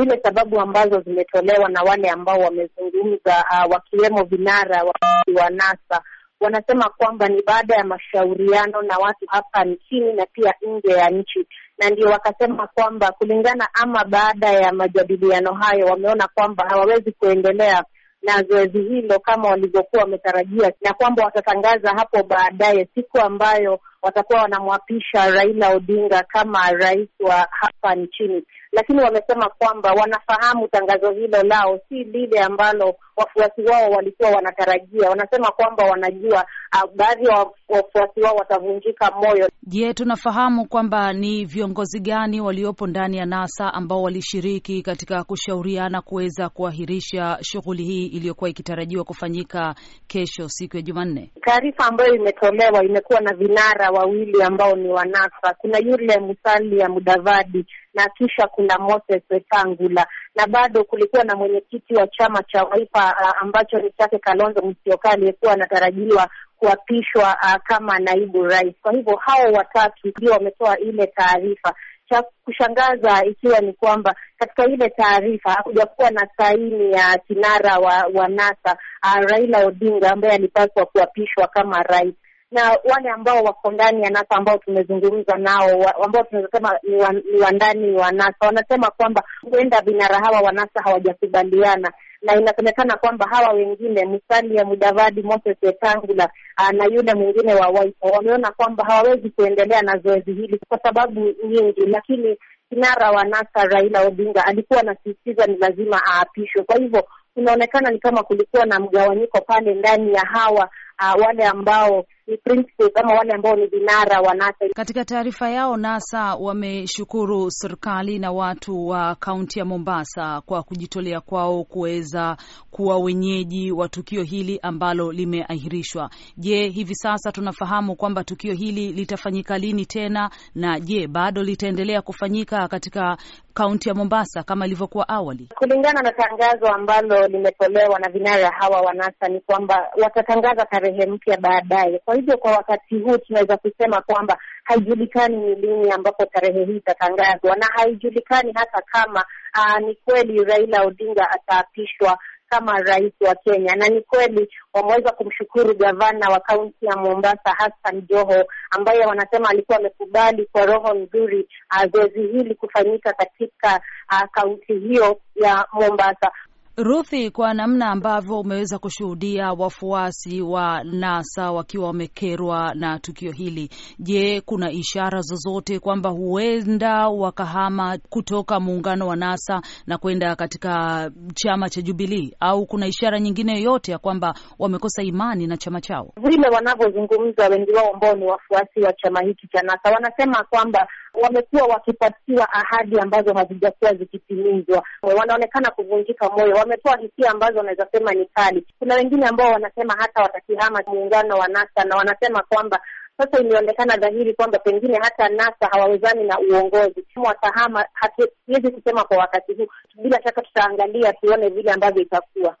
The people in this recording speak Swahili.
zile sababu ambazo zimetolewa na wale ambao wamezungumza, uh, wakiwemo vinara wa NASA wanasema kwamba ni baada ya mashauriano na watu hapa nchini na pia nje ya nchi, na ndio wakasema kwamba kulingana ama baada ya majadiliano hayo wameona kwamba hawawezi kuendelea na zoezi hilo kama walivyokuwa wametarajia, na kwamba watatangaza hapo baadaye siku ambayo watakuwa wanamwapisha Raila Odinga kama rais wa hapa nchini, lakini wamesema kwamba wanafahamu tangazo hilo lao si lile ambalo wafuasi wao walikuwa wanatarajia. Wanasema kwamba wanajua ah, baadhi ya wafuasi wao watavunjika moyo. Je, tunafahamu kwamba ni viongozi gani waliopo ndani ya NASA ambao walishiriki katika kushauriana kuweza kuahirisha shughuli hii iliyokuwa ikitarajiwa kufanyika kesho siku ya Jumanne? Taarifa ambayo imetolewa imekuwa na vinara wawili ambao ni wanafa. Kuna yule Musalia Mudavadi na kisha kuna Moses Wetangula, na bado kulikuwa na mwenyekiti wa chama cha waipa ambacho ni chake Kalonzo Musyoka aliyekuwa anatarajiwa kuapishwa kama naibu rais. Kwa hivyo hao watatu ndio wametoa ile taarifa. Cha kushangaza ikiwa ni kwamba katika ile taarifa hakujakuwa na saini ya kinara wa, wa NASA Raila Odinga ambaye alipaswa kuapishwa kama rais na wale ambao wako ndani ya NASA ambao tumezungumza nao wa, ambao tunasema ni wandani wa NASA wanasema kwamba huenda vinara hawa wa NASA hawajakubaliana na inasemekana kwamba hawa wengine Musalia Mudavadi, Moses Wetangula ah, na yule mwingine wa Wiper wameona kwamba hawawezi kuendelea na zoezi hili kwa sababu nyingi, lakini kinara wa NASA Raila Odinga alikuwa anasisitiza ni lazima aapishwe. Kwa hivyo kunaonekana ni kama kulikuwa na mgawanyiko pale ndani ya hawa uh, wale ambao ni ama wale ambao ni vinara wa NASA. Katika taarifa yao, NASA wameshukuru serikali na watu wa kaunti ya Mombasa kwa kujitolea kwao kuweza kuwa wenyeji wa tukio hili ambalo limeahirishwa. Je, hivi sasa tunafahamu kwamba tukio hili litafanyika lini tena, na je bado litaendelea kufanyika katika kaunti ya Mombasa kama ilivyokuwa awali? Kulingana na tangazo ambalo limetolewa na vinara hawa wa NASA ni kwamba watatangaza tarehe mpya baadaye kwa hivyo kwa wakati huu tunaweza kusema kwamba haijulikani ni lini ambapo tarehe hii itatangazwa, na haijulikani hata kama aa, ah, ni kweli Raila Odinga ataapishwa kama rais wa Kenya, na ni kweli wameweza kumshukuru gavana wa kaunti ya Mombasa Hassan Joho, ambaye wanasema alikuwa amekubali kwa roho nzuri ah, zoezi hili kufanyika katika ah, kaunti hiyo ya Mombasa. Ruthi, kwa namna ambavyo umeweza kushuhudia wafuasi wa NASA wakiwa wamekerwa na tukio hili, je, kuna ishara zozote kwamba huenda wakahama kutoka muungano wa NASA na kwenda katika chama cha Jubilii, au kuna ishara nyingine yoyote ya kwamba wamekosa imani na chama chao? Vile wanavyozungumza wengi wao ambao ni wafuasi wa chama hiki cha NASA wanasema kwamba wamekuwa wakipatiwa ahadi ambazo hazijakuwa zikitimizwa, wanaonekana kuvunjika moyo, wametoa hisia ambazo wanaweza sema ni kali. Kuna wengine ambao wanasema hata watakihama muungano wa NASA na wanasema kwamba sasa imeonekana dhahiri kwamba pengine hata NASA hawawezani na uongozi, watahama. Hatuwezi kusema kwa wakati huu, bila shaka tutaangalia tuone vile ambavyo itakuwa.